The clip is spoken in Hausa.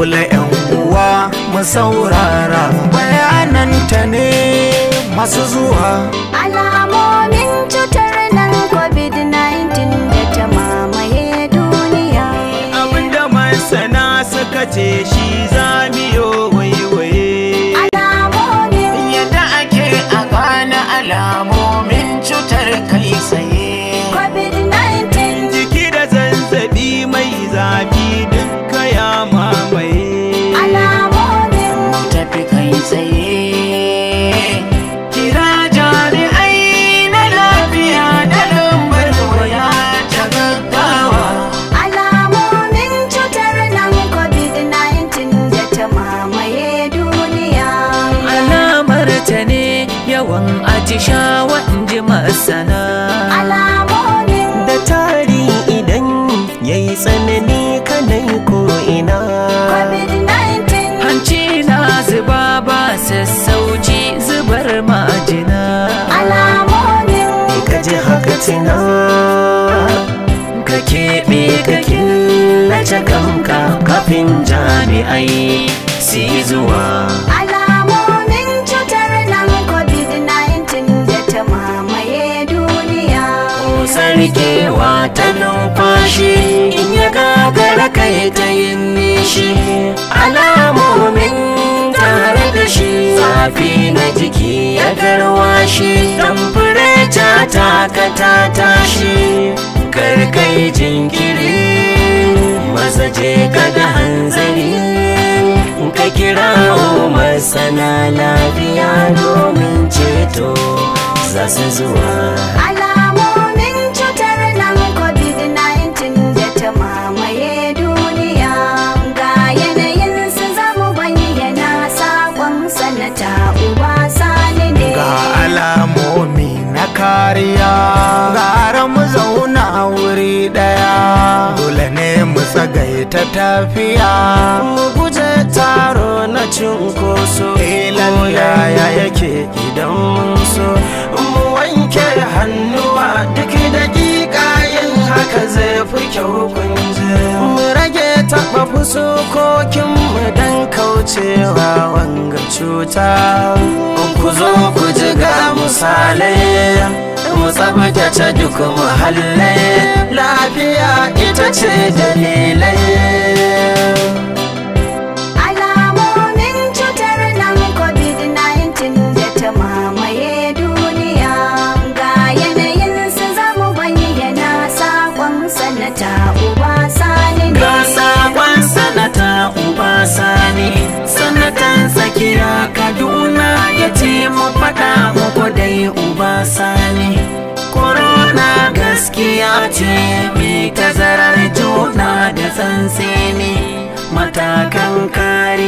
kula yan uwa mu saurara bayananta ne masu zuwa alamomin cutar nan covid-19 da ta mamaye duniya abinda sana suka ce shi atishawa in sana. masana da tari idan yayi tsanani kanai ko ina hanci na zuba ba sassauci zubar majina ka ji haka tina ka keɓe ka killace kanka kafin jami'ai yi zuwa rikewa ta numfashi in ya gagara kai ta yin nishi alamomin tare da shi Safi na jiki ya garwashi fure ta taka ta tashi karkai jinkiri masa je ka da hanzari ka kira masana lafiya domin ceto za su zuwa kariya gara mu zauna wuri daya dole ne mu tsagaita tafiya mu guje taro na cinkoso yaya eh, yake idan mun so mu wanke hannuwa duk dakika yin haka zai fi kyau kunje mu rage taba fusokokin mu dan kaucewa wanga cuta ku zo ku ji ga misalai mu tsabtace duk muhallai lafiya ita ce dalilai korona gaskiya ce mai tazarar juna da tsantseni matakan kare